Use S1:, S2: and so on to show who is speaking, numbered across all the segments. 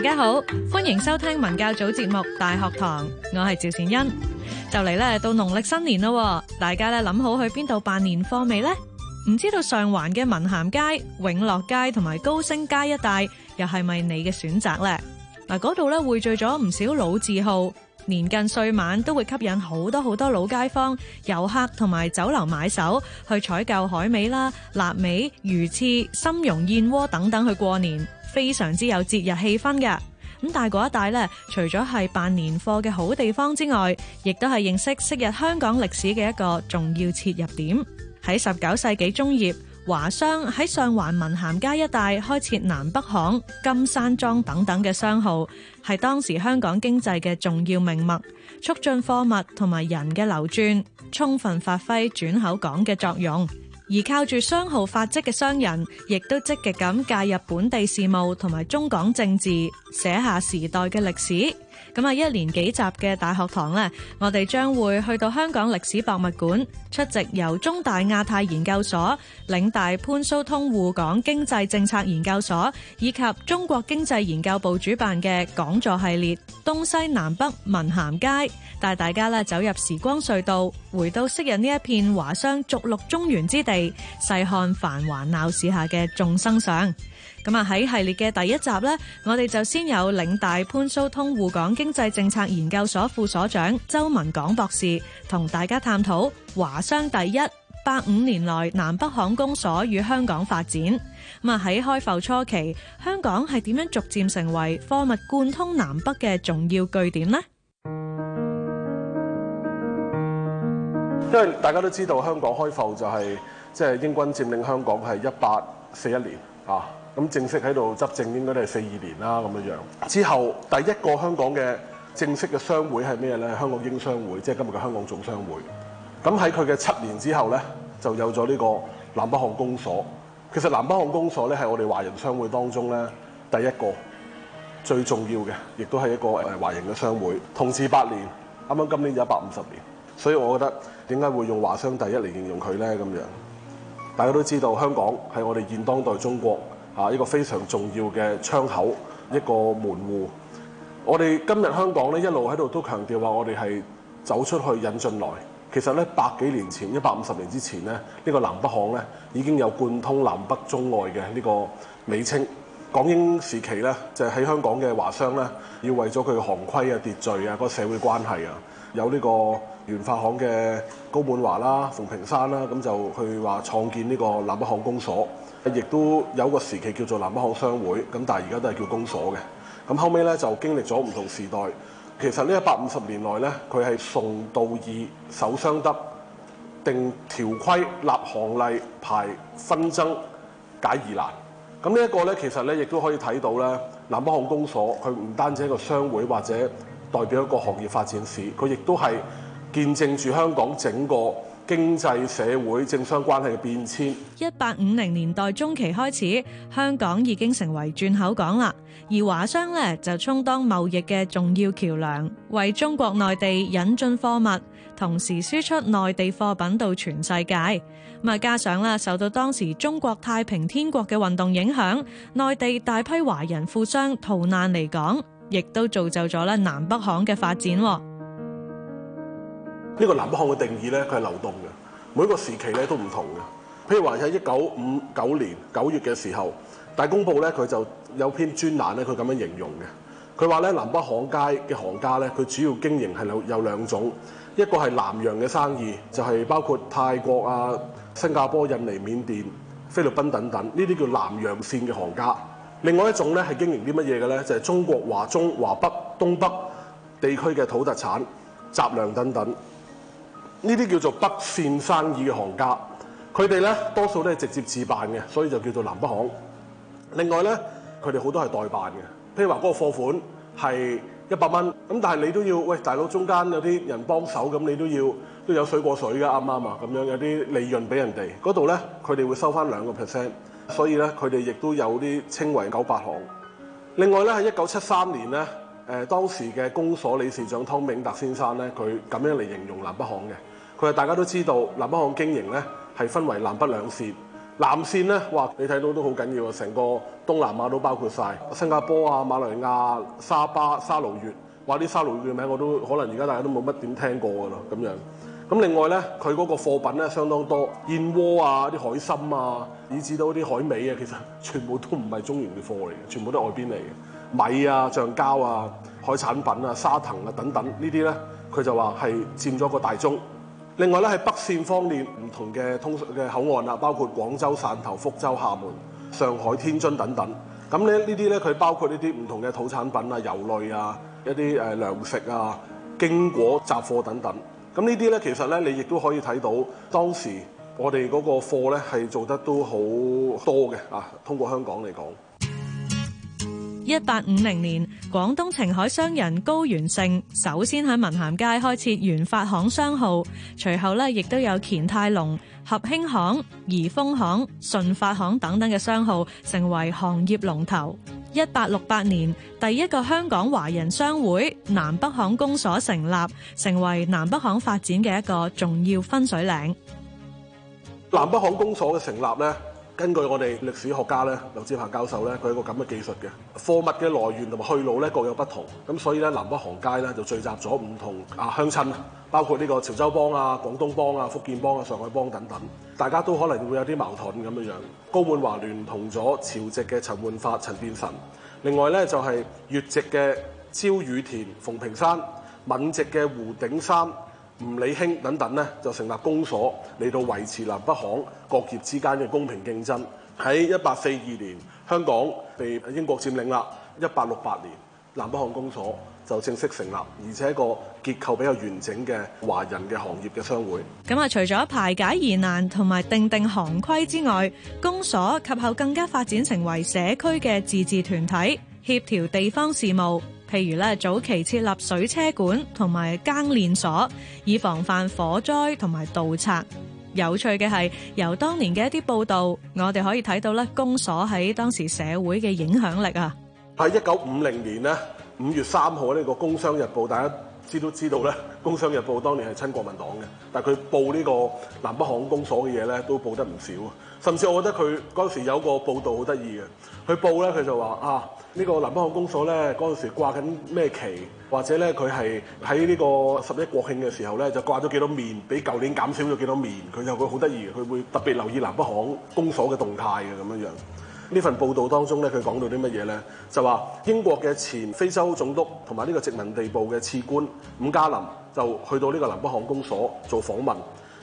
S1: 大家好，歡迎收聽文教組節目《大學堂》，我係趙善恩。就嚟咧，到農曆新年咯，大家咧諗好去邊度辦年貨未呢？唔知道上環嘅文咸街、永樂街同埋高升街一帶，又係咪你嘅選擇呢？嗱，嗰度咧匯聚咗唔少老字號，年近歲晚都會吸引好多好多老街坊、遊客同埋酒樓買手去採購海味啦、臘味、魚翅、參茸燕窩等等去過年，非常之有節日氣氛嘅。咁但係一帶咧，除咗係辦年貨嘅好地方之外，亦都係認識昔日香港歷史嘅一個重要切入點，喺十九世紀中葉。華商喺上環文咸街一帶開設南北行、金山莊等等嘅商號，係當時香港經濟嘅重要命脈，促進貨物同埋人嘅流轉，充分發揮轉口港嘅作用。而靠住商號發跡嘅商人，亦都積極咁介入本地事務同埋中港政治，寫下時代嘅歷史。咁啊，一連幾集嘅大學堂呢，我哋將會去到香港歷史博物館出席由中大亞太研究所、領大潘蘇通滬港經濟政策研究所以及中國經濟研究部主辦嘅講座系列《東西南北文咸街》，帶大家走入時光隧道，回到昔日呢一片華商逐鹿中原之地，細看繁華鬧市下嘅眾生相。咁啊！喺系列嘅第一集咧，我哋就先有領大潘蘇通滬港經濟政策研究所副所長周文港博士同大家探討華商第一百五年來南北行公所與香港發展。咁啊！喺開埠初期，香港係點樣逐漸成為貨物貫通南北嘅重要據點咧？
S2: 因為大家都知道，香港開埠就係即係英軍佔領香港係一八四一年啊。咁正式喺度執政應該都係四二年啦，咁樣樣之後第一個香港嘅正式嘅商會係咩呢？香港英商會，即係今日嘅香港總商會。咁喺佢嘅七年之後呢，就有咗呢個南北行公所。其實南北行公所呢，係我哋華人商會當中呢，第一個最重要嘅，亦都係一個華人嘅商會。同治八年，啱啱今年就一百五十年，所以我覺得點解會用華商第一嚟形容佢呢？咁樣大家都知道香港係我哋現當代中國。啊！一個非常重要嘅窗口，一個門戶。我哋今日香港咧，一路喺度都強調話，我哋係走出去引進來。其實咧，百幾年前，一百五十年之前咧，呢、這個南北行咧已經有貫通南北中外嘅呢個美稱。港英時期咧，就係喺香港嘅華商咧，要為咗佢行規啊、秩序啊、個社會關係啊，有呢個元發行嘅高滿華啦、馮平山啦，咁就去話創建呢個南北行公所。亦都有個時期叫做南北行商會，咁但係而家都係叫公所嘅。咁後尾咧就經歷咗唔同時代。其實呢一百五十年內咧，佢係崇道義、守商德、定條規、立行例排增、排紛爭、解疑難。咁呢一個咧，其實咧亦都可以睇到咧，南北行公所佢唔單止係一個商會，或者代表一個行業發展史，佢亦都係見證住香港整個經濟社會政商關係嘅變遷。一
S1: 八五零年代中期開始，香港已經成為轉口港啦。而華商咧就充當貿易嘅重要橋梁，為中國內地引進貨物，同時輸出內地貨品到全世界。啊，加上啦，受到當時中國太平天國嘅運動影響，內地大批華人富商逃難嚟港，亦都造就咗南北行嘅發展。
S2: 呢個南北行嘅定義呢，佢係流動嘅，每個時期呢都唔同嘅。譬如話喺一九五九年九月嘅時候，大公報呢，佢就有篇專欄呢，佢咁樣形容嘅。佢話呢，南北行街嘅行家呢，佢主要經營係有有兩種，一個係南洋嘅生意，就係包括泰國啊、新加坡、印尼、緬甸、菲律賓等等，呢啲叫南洋線嘅行家。另外一種呢，係經營啲乜嘢嘅呢？就係中國華中、華北、東北地區嘅土特產、雜糧等等。呢啲叫做北線生意嘅行家，佢哋咧多數都係直接自辦嘅，所以就叫做南北行。另外咧，佢哋好多係代辦嘅，譬如話嗰個貨款係一百蚊，咁但係你都要喂大佬中間有啲人幫手，咁你都要都有水過水嘅，啱唔啱啊？咁樣有啲利潤俾人哋嗰度咧，佢哋會收返兩個 percent，所以咧佢哋亦都有啲稱為九八行。另外咧喺一九七三年咧。誒當時嘅公所理事長湯秉達先生呢，佢咁樣嚟形容南北行嘅。佢話：大家都知道南北行經營呢係分為南北兩線。南線呢，話你睇到都好緊要啊！成個東南亞都包括晒，新加坡啊、馬來亞、沙巴、沙勞越。話啲沙勞越嘅名我都可能而家大家都冇乜點聽過㗎啦，咁樣。咁另外呢，佢嗰個貨品呢相當多，燕窩啊、啲海參啊，以至到啲海味啊，其實全部都唔係中原嘅貨嚟嘅，全部都係外邊嚟嘅。米啊、橡膠啊、海產品啊、沙糖啊等等，呢啲呢，佢就話係佔咗個大宗。另外呢，喺北線方面，唔同嘅通嘅口岸啊，包括廣州、汕頭、福州、廈門、上海、天津等等。咁咧呢啲呢，佢包括呢啲唔同嘅土產品啊、油類啊、一啲誒糧食啊、經果雜貨等等。咁呢啲呢，其實呢，你亦都可以睇到當時我哋嗰個貨呢，係做得都好多嘅啊，通過香港嚟講。
S1: 一八五零年，廣東澄海商人高元盛首先喺文咸街開設元發行商號，隨後咧亦都有乾泰隆、合興行、怡豐行、順發行等等嘅商號成為行業龍頭。一八六八年，第一個香港華人商會南北行公所成立，成為南北行發展嘅一個重要分水嶺。
S2: 南北行公所嘅成立呢。根據我哋歷史學家咧，劉智鵬教授咧，佢有個咁嘅技術嘅，貨物嘅來源同埋去路咧各有不同，咁所以咧南北行街咧就聚集咗唔同啊鄉親，包括呢個潮州幫啊、廣東幫啊、福建幫啊、上海幫等等，大家都可能會有啲矛盾咁樣樣。高滿華聯同咗潮籍嘅陳換發、陳變臣，另外咧就係粵籍嘅焦雨田、馮平山、閩籍嘅胡鼎山。吳理卿等等咧，就成立公所嚟到維持南北行各業之間嘅公平競爭。喺一八四二年，香港被英國佔領啦。一八六八年，南北行公所就正式成立，而且一個結構比較完整嘅華人嘅行業嘅商會。
S1: 咁啊，除咗排解疑難同埋定定行規之外，公所及後更加發展成為社區嘅自治團體，協調地方事務。譬如咧，早期設立水車館同埋更練所，以防範火災同埋盜賊。有趣嘅係，由當年嘅一啲報道，我哋可以睇到咧，公所喺當時社會嘅影響力啊！
S2: 喺一九五零年呢五月三號呢個《工商日報》，大家知都知道咧。工商日報當年係親國民黨嘅，但係佢報呢個南北行公所嘅嘢咧，都報得唔少。甚至我覺得佢嗰陣時有個報導好得意嘅，佢報咧佢就話啊，呢個南北行公所咧嗰陣時掛緊咩旗，或者咧佢係喺呢個十一國慶嘅時候咧就掛咗幾多面，比舊年減少咗幾多面，佢就會好得意嘅，佢會特別留意南北行公所嘅動態嘅咁樣樣。呢份報道當中咧，佢講到啲乜嘢咧？就話英國嘅前非洲總督同埋呢個殖民地部嘅次官伍嘉林就去到呢個南北行公所做訪問，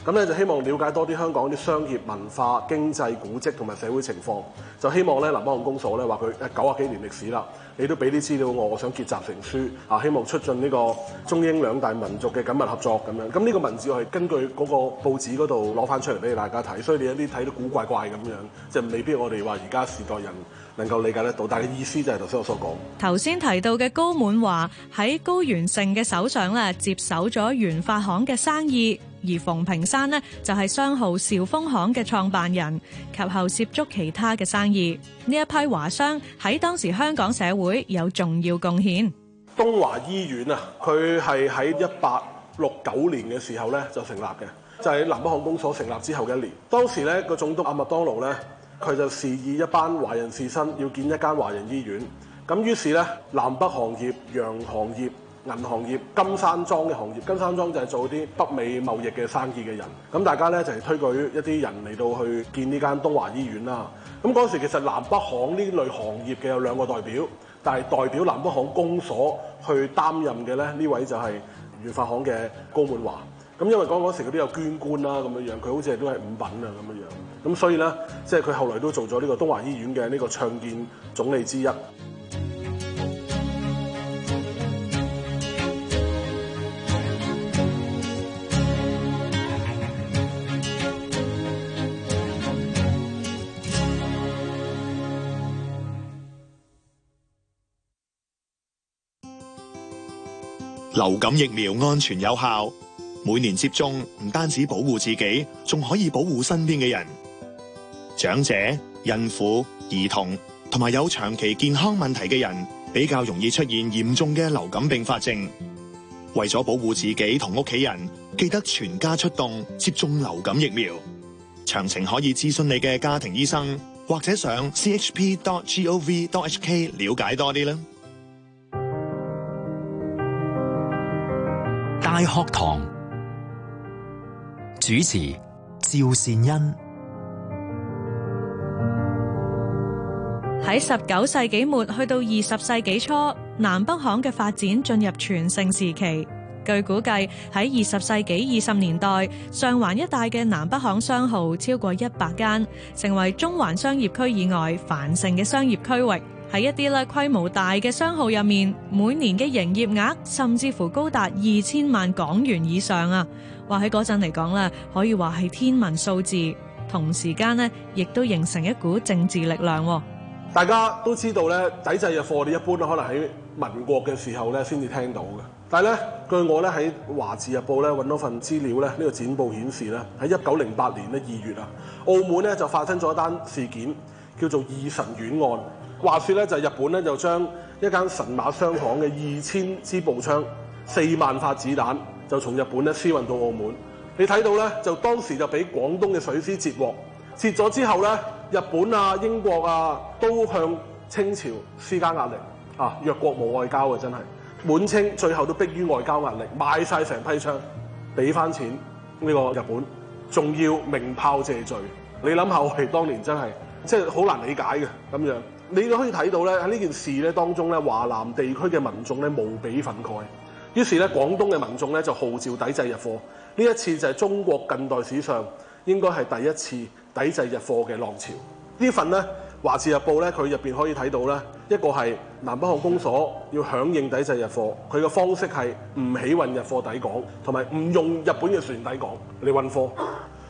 S2: 咁咧就希望了解多啲香港啲商業、文化、經濟、古蹟同埋社會情況，就希望咧南北行公所咧話佢誒九啊幾年歷史啦。你都俾啲資料我，我想結集成書啊！希望促進呢個中英兩大民族嘅緊密合作咁樣。咁呢個文字我係根據嗰個報紙嗰度攞翻出嚟俾大家睇，所以你有啲睇到古怪怪咁樣，就未必我哋話而家時代人。能夠理解得到，大嘅意思，就係頭先我所講。
S1: 頭先提到嘅高滿華喺高元盛嘅手上咧，接手咗元發行嘅生意，而馮平山呢，就係商號兆豐行嘅創辦人，及後涉足其他嘅生意。呢一批華商喺當時香港社會有重要貢獻。
S2: 東華醫院啊，佢係喺一八六九年嘅時候咧就成立嘅，就喺、是、南北行公所成立之後嘅一年。當時咧個總督阿麥當奴咧。佢就示意一班華人士身要建一間華人醫院，咁於是呢南北行業、洋行業、銀行業、金山莊嘅行業，金山莊就係做啲北美貿易嘅生意嘅人，咁大家呢，就係、是、推舉一啲人嚟到去建呢間東華醫院啦。咁嗰時其實南北行呢類行業嘅有兩個代表，但係代表南北行公所去擔任嘅呢位就係元發行嘅高滿華。咁因為嗰嗰時佢都有捐官啦、啊、咁樣佢好似都係五品啊咁樣。咁所以咧，即係佢後來都做咗呢個東華醫院嘅呢個倡建總理之一。
S1: 流感疫苗安全有效，每年接種唔單止保護自己，仲可以保護身邊嘅人。長者、孕婦、兒童同埋有長期健康問題嘅人，比較容易出現嚴重嘅流感併發症。為咗保護自己同屋企人，記得全家出動接種流感疫苗。詳情可以諮詢你嘅家庭醫生，或者上 chp.gov.hk 了解多啲啦。大學堂主持趙善恩。喺十九世紀末去到二十世紀初，南北行嘅發展進入全盛時期。據估計喺二十世紀二十年代，上環一帶嘅南北行商號超過一百間，成為中環商業區以外繁盛嘅商業區域。喺一啲咧規模大嘅商號入面，每年嘅營業額甚至乎高達二千萬港元以上啊！話喺嗰陣嚟講啦，可以話係天文數字。同時間呢，亦都形成一股政治力量。大
S2: 家都知道咧，抵制日貨，你一般都可能喺民國嘅時候咧先至聽到嘅。但係咧，據我咧喺華字日報咧揾到份資料咧，呢個展報顯示咧，喺一九零八年咧二月啊，澳門咧就發生咗一單事件，叫做二辰丸案。話説咧就日本咧就將一間辰馬商行嘅二千支步槍、四萬發子彈，就從日本咧私運到澳門。你睇到咧，就當時就俾廣東嘅水師截獲。撤咗之後呢，日本啊、英國啊都向清朝施加壓力，啊，弱國無外交啊，真係滿清最後都迫於外交壓力，賣晒成批槍，俾翻錢呢個日本，仲要明炮謝罪。你諗下，我哋當年真係即係好難理解嘅咁樣。你都可以睇到呢，喺呢件事呢當中呢華南地區嘅民眾呢無比憤慨，於是呢廣東嘅民眾呢就號召抵制日貨。呢一次就係中國近代史上。應該係第一次抵制日貨嘅浪潮。這份呢份咧《華字日報》咧，佢入邊可以睇到呢一個係南北行公所要響應抵制日貨，佢嘅方式係唔起運日貨抵港，同埋唔用日本嘅船抵港嚟運貨。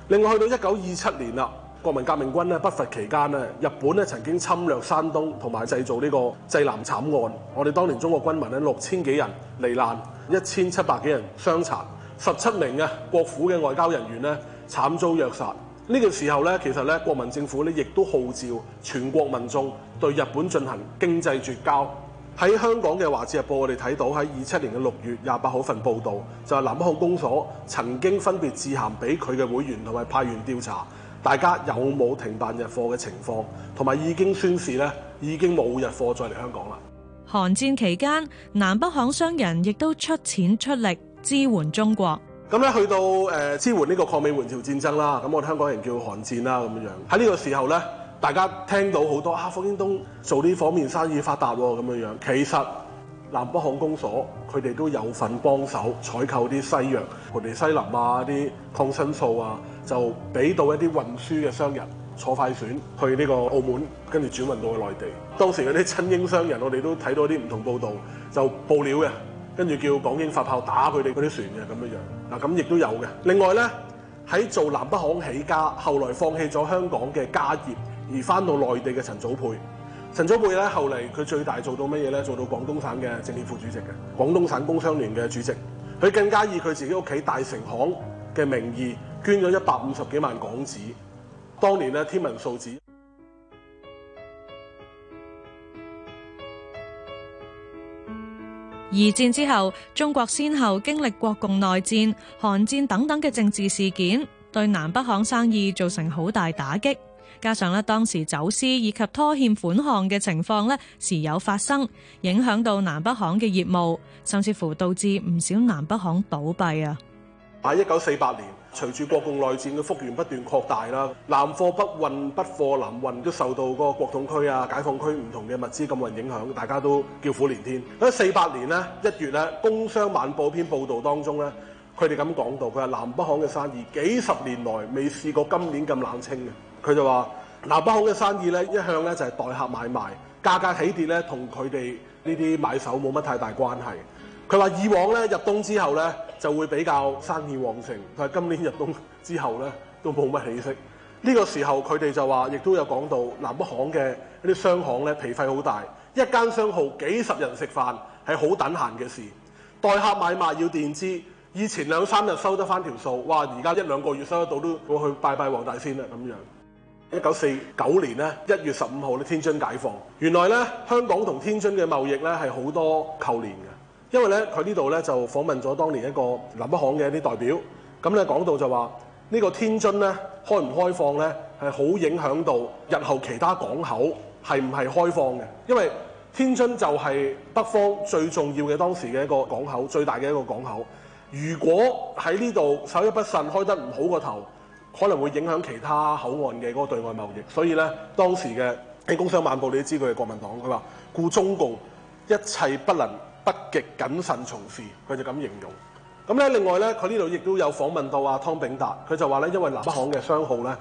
S2: 另外去到一九二七年啦，國民革命軍咧北伐期間，日本呢曾經侵略山東，同埋製造呢個濟南慘案。我哋當年中國軍民六千幾人罹難，一千七百幾人傷殘，十七名啊國府嘅外交人員呢慘遭虐殺，呢個時候咧，其實咧，國民政府咧亦都號召全國民眾對日本進行經濟絕交。喺香港嘅《華字日報》，我哋睇到喺二七年嘅六月廿八號份報道，就係、是、南北行公所曾經分別致函俾佢嘅會員同埋派員調查，大家有冇停辦日貨嘅情況，同埋已經宣示咧已經冇日貨再嚟香港啦。
S1: 韓戰期間，南北行商人亦都出錢出力支援中國。
S2: 咁咧去到誒支援呢個抗美援朝戰爭啦，咁我哋香港人叫韓戰啦，咁樣喺呢個時候呢，大家聽到好多啊，霍英東做呢方面生意發達喎，咁樣其實南北行公所佢哋都有份幫手採購啲西藥，盤尼西林啊啲抗生素啊，就俾到一啲運輸嘅商人坐快船去呢個澳門，跟住轉運到去內地。當時嗰啲親英商人，我哋都睇到啲唔同報導，就報料嘅。跟住叫港英發炮打佢哋嗰啲船嘅咁樣樣，嗱咁亦都有嘅。另外呢，喺做南北行起家，後來放棄咗香港嘅家業而翻到內地嘅陳祖沛。陳祖沛呢，後嚟佢最大做到乜嘢呢？做到廣東省嘅政協副主席嘅，廣東省工商聯嘅主席。佢更加以佢自己屋企大成行嘅名義捐咗一百五十幾萬港紙，當年咧天文數字。
S1: 二戰之後，中國先後經歷國共內戰、韓戰等等嘅政治事件，對南北行生意造成好大打擊。加上呢，當時走私以及拖欠款項嘅情況呢時有發生，影響到南北行嘅業務，甚至乎導致唔少南北行倒閉啊。
S2: 喺一九四八年，隨住國共內戰嘅幅員不斷擴大啦，南貨北運，北貨南運都受到個國統區啊、解放區唔同嘅物資禁運影響，大家都叫苦連天。喺四八年呢，一月咧，《工商晚報》篇報導當中咧，佢哋咁講到，佢話南北行嘅生意幾十年來未試過今年咁冷清嘅。佢就話，南北行嘅生意咧一向咧就係代客買賣，價格起跌咧同佢哋呢啲買手冇乜太大關係。佢話以往咧入冬之後咧。就會比較生意旺盛，但係今年入冬之後呢，都冇乜起色。呢個時候佢哋就話，亦都有講到南北行嘅啲商行呢，脾費好大，一間商號幾十人食飯係好等閒嘅事。代客買賣要墊資，以前兩三日收得返條數，哇！而家一兩個月收得到都，我去拜拜黃大仙啦咁樣。一九四九年呢，一月十五號咧，天津解放。原來呢，香港同天津嘅貿易呢，係好多扣年嘅。因為咧，佢呢度咧就訪問咗當年一個南北行嘅一啲代表，咁咧講到就話呢個天津咧，開唔開放咧，係好影響到日後其他港口係唔係開放嘅。因為天津就係北方最重要嘅當時嘅一個港口，最大嘅一個港口。如果喺呢度稍一不慎，開得唔好個頭，可能會影響其他口岸嘅嗰個對外貿易。所以咧，當時嘅《工商晚報》，你都知佢係國民黨㗎喇，故中共一切不能不極謹慎從事，佢就咁形容。咁咧，另外咧，佢呢度亦都有訪問到阿湯炳達，佢就話咧，因為南北行嘅商號咧，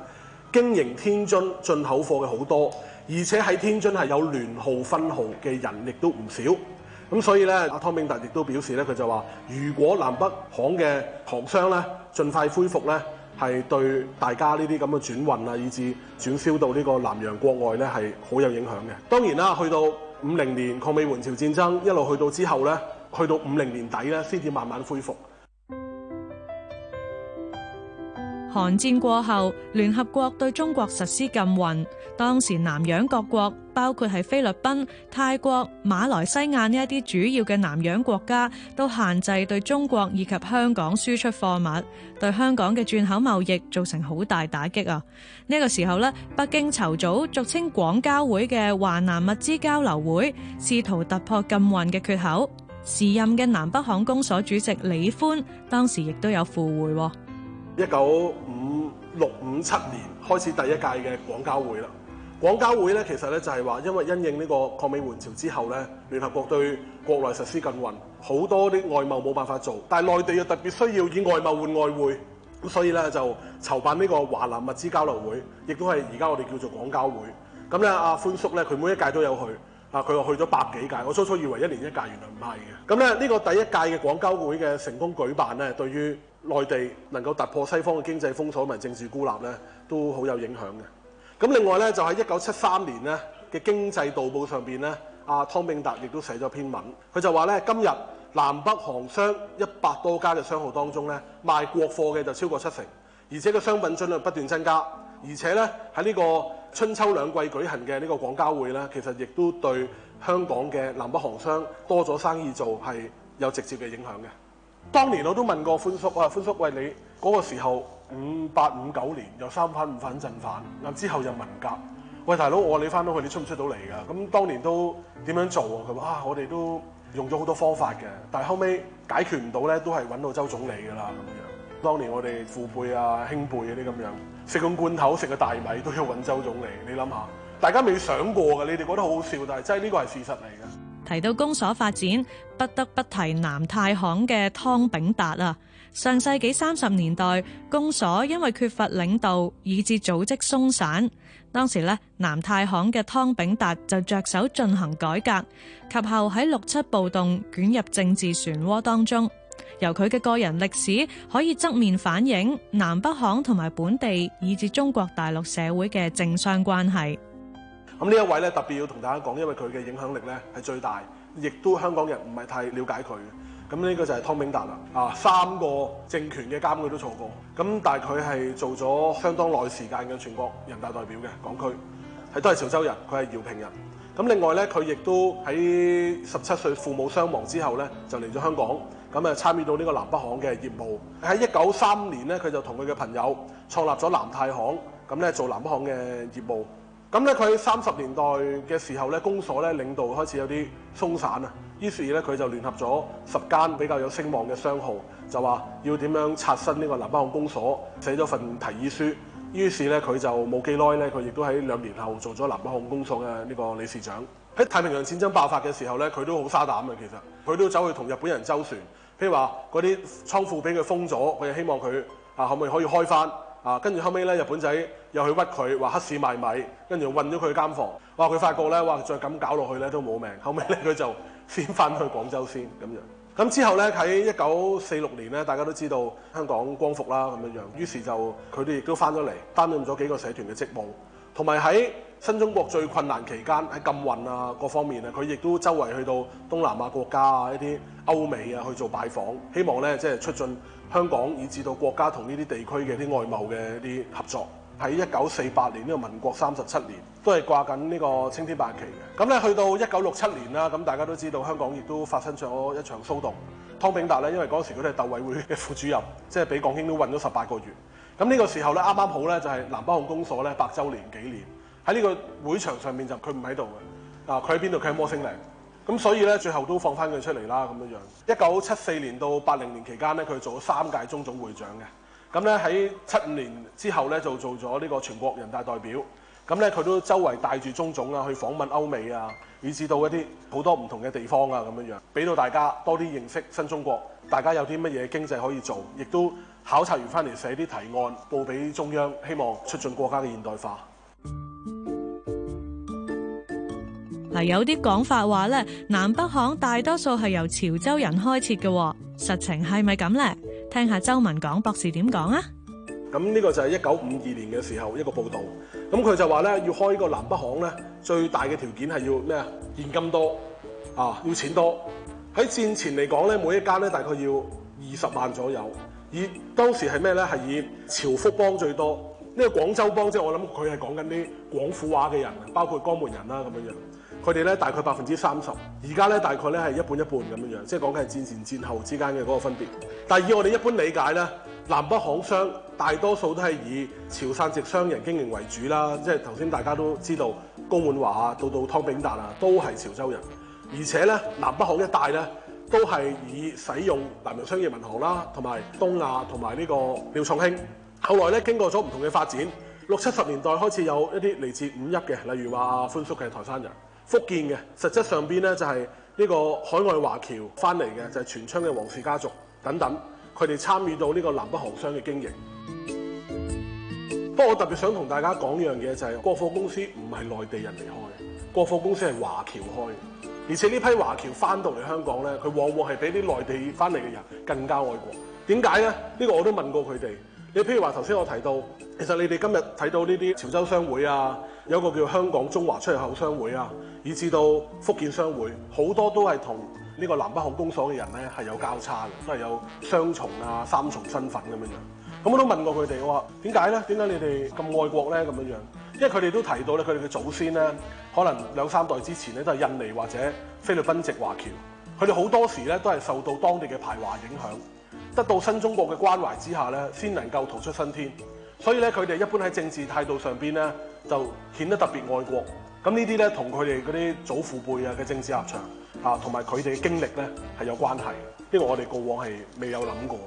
S2: 經營天津進口貨嘅好多，而且喺天津係有聯號分號嘅人亦都唔少。咁所以咧，阿湯炳達亦都表示咧，佢就話，如果南北行嘅行商咧，盡快恢復咧，係對大家呢啲咁嘅轉運啊，以至轉銷到呢個南洋國外咧，係好有影響嘅。當然啦，去到五零年抗美援朝戰爭一路去到之後咧，去到五零年底咧，先至慢慢恢復。
S1: 寒韓戰過後，聯合國對中國實施禁運。當時南洋各國，包括係菲律賓、泰國、馬來西亞呢一啲主要嘅南洋國家，都限制對中國以及香港輸出貨物，對香港嘅轉口貿易造成好大打擊啊！呢個時候呢，北京籌組，俗稱廣交會嘅華南物資交流會，試圖突破禁運嘅缺口。時任嘅南北行公所主席李歡當時亦都有赴會。一
S2: 九六五七年開始第一屆嘅廣交會啦，廣交會咧其實咧就係話因為因應呢個抗美援朝之後咧，聯合國對國內實施禁運，好多啲外貿冇辦法做，但係內地又特別需要以外貿換外匯，咁所以咧就籌辦呢個華南物資交流會，亦都係而家我哋叫做廣交會。咁咧，阿寬叔咧佢每一屆都有去，啊佢又去咗百幾屆，我初初以為一年一屆，原來唔係嘅。咁咧呢個第一屆嘅廣交會嘅成功舉辦咧，對於。內地能夠突破西方嘅經濟封鎖同埋政治孤立咧，都好有影響嘅。咁另外咧，就喺一九七三年咧嘅《經濟導報》上邊咧，阿湯秉達亦都寫咗篇文，佢就話咧：今日南北行商一百多家嘅商號當中咧，賣國貨嘅就超過七成，而且個商品進量不斷增加。而且咧喺呢個春秋兩季舉行嘅呢個廣交會咧，其實亦都對香港嘅南北行商多咗生意做係有直接嘅影響嘅。當年我都問過寬叔啊，寬叔喂，你嗰個時候 5, 8, 5, 五八五九年有三反五反鎮反，之後又文革。喂大佬，我你翻到去你出唔出到嚟㗎？咁當年都點樣做？佢話：啊，我哋都用咗好多方法嘅，但係後尾解決唔到咧，都係揾到周總理㗎啦咁樣。當年我哋父輩啊、兄輩嗰啲咁樣，食個罐頭、食個大米都要揾周總理。你諗下，大家未想過㗎，你哋覺得好好笑，但係真係呢個係事實嚟嘅。
S1: 提到公所發展，不得不提南太行嘅湯炳達啊！上世紀三十年代，公所因為缺乏領導，以致組織鬆散。當時呢，南太行嘅湯炳達就着手進行改革，及後喺六七暴動捲入政治漩渦當中。由佢嘅個人歷史，可以側面反映南北行同埋本地，以至中國大陸社會嘅政商關係。
S2: 咁呢一位咧，特別要同大家講，因為佢嘅影響力咧，係最大，亦都香港人唔係太了解佢。咁呢個就係湯秉達啦。啊，三個政權嘅監佢都錯過，咁但係佢係做咗相當耐時間嘅全國人大代表嘅港區，係都係潮州人，佢係饒平人。咁另外咧，佢亦都喺十七歲父母雙亡之後咧，就嚟咗香港，咁啊參與到呢個南北行嘅業務。喺一九三五年咧，佢就同佢嘅朋友創立咗南太行，咁咧做南北行嘅業務。咁咧，佢喺三十年代嘅時候咧，公所咧領導開始有啲鬆散啊。於是咧，佢就聯合咗十間比較有聲望嘅商號，就話要點樣刷新呢個南北控公所，寫咗份提議書。於是咧，佢就冇幾耐咧，佢亦都喺兩年後做咗南北控公所嘅呢個理事長。喺太平洋戰爭爆發嘅時候咧，佢都好沙膽嘅，其實佢都走去同日本人周旋。譬如話，嗰啲倉庫俾佢封咗，佢就希望佢啊，可唔可以可以開翻啊？跟住後尾咧，日本仔。又去屈佢話黑市賣米，跟住又韞咗佢間房。哇！佢發覺呢，哇！再咁搞落去呢都冇命。後尾呢，佢就先翻去廣州先咁樣。咁之後呢，喺一九四六年呢，大家都知道香港光復啦咁樣樣。於是就佢哋亦都翻咗嚟擔任咗幾個社團嘅職務，同埋喺新中國最困難期間喺禁運啊各方面啊，佢亦都周圍去到東南亞國家啊一啲歐美啊去做拜訪，希望呢即係促進香港以至到國家同呢啲地區嘅啲外貿嘅啲合作。喺一九四八年呢個民國三十七年，都係掛緊呢個青天白旗嘅。咁咧去到一九六七年啦，咁大家都知道香港亦都發生咗一場騷動。湯炳達咧，因為嗰時佢係鬥委會嘅副主任，即係俾港英都韞咗十八個月。咁呢個時候咧，啱啱好咧就係南北行公所咧百周年紀念喺呢個會場上面就佢唔喺度嘅。嗱，佢喺邊度？佢喺摩星嶺。咁所以咧，最後都放翻佢出嚟啦咁樣樣。一九七四年到八零年期間咧，佢做咗三屆中總會長嘅。咁咧喺七五年之後咧就做咗呢個全國人大代表。咁咧佢都周圍帶住鍾總啊去訪問歐美啊，以至到一啲好多唔同嘅地方啊咁樣樣，俾到大家多啲認識新中國，大家有啲乜嘢經濟可以做，亦都考察完翻嚟寫啲提案報俾中央，希望促進國家嘅現代化。
S1: 嗱，有啲講法話咧，南北行大多數係由潮州人開設嘅，實情係咪咁咧？聽下周文港博士點講啊？
S2: 咁呢個就係一九五二年嘅時候一個報道，咁佢就話咧要開呢個南北行咧，最大嘅條件係要咩啊？現金多啊，要錢多。喺戰前嚟講咧，每一間咧大概要二十萬左右。而當時係咩咧？係以潮福幫最多，呢、這個廣州幫即係我諗佢係講緊啲廣府話嘅人，包括江門人啦咁樣樣。佢哋咧大概百分之三十，而家咧大概咧係一半一半咁樣樣，即係講緊係戰前戰後之間嘅嗰個分別。但係以我哋一般理解咧，南北行商大多數都係以潮汕籍商人經營為主啦，即係頭先大家都知道高滿華啊，到到湯炳達啊，都係潮州人。而且咧，南北行一帶咧都係以使用南洋商業銀行啦，同埋東亞同埋呢個廖創興。後來咧經過咗唔同嘅發展，六七十年代開始有一啲嚟自五邑嘅，例如話寬叔嘅台山人。福建嘅實質上邊咧，就係呢個海外華僑翻嚟嘅，就係、是、全昌嘅黃氏家族等等，佢哋參與到呢個南北行商嘅經營。不過我特別想同大家講一樣嘢、就是，就係國貨公司唔係內地人嚟開，國貨公司係華僑開，而且呢批華僑翻到嚟香港呢，佢往往係比啲內地翻嚟嘅人更加愛國。點解呢？呢、這個我都問過佢哋。你譬如話頭先我提到，其實你哋今日睇到呢啲潮州商會啊，有個叫香港中華出入口商會啊。以至到福建商會好多都係同呢個南北行公所嘅人咧係有交叉嘅，都係有雙重啊、三重身份咁樣樣。咁我都問過佢哋，我話，點解咧？點解你哋咁愛國咧？咁樣樣，因為佢哋都提到咧，佢哋嘅祖先咧可能兩三代之前咧都係印尼或者菲律賓籍華僑，佢哋好多時咧都係受到當地嘅排華影響，得到新中國嘅關懷之下咧先能夠逃出生天，所以咧佢哋一般喺政治態度上邊咧就顯得特別愛國。咁呢啲咧，同佢哋嗰啲祖父輩啊嘅政治立場啊，同埋佢哋嘅經歷咧，係有關係，因為我哋過往係未有諗過。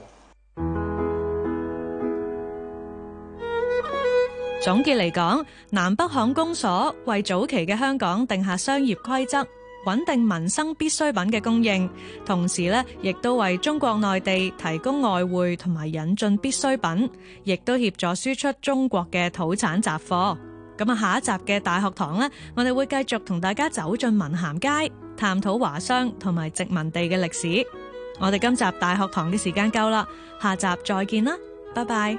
S1: 總結嚟講，南北行公所為早期嘅香港定下商業規則，穩定民生必需品嘅供應，同時咧，亦都為中國內地提供外匯同埋引進必需品，亦都協助輸出中國嘅土產雜貨。咁啊，下一集嘅大學堂呢，我哋會繼續同大家走進文咸街，探討華商同埋殖民地嘅歷史。我哋今集大學堂嘅時間夠啦，下集再見啦，拜拜。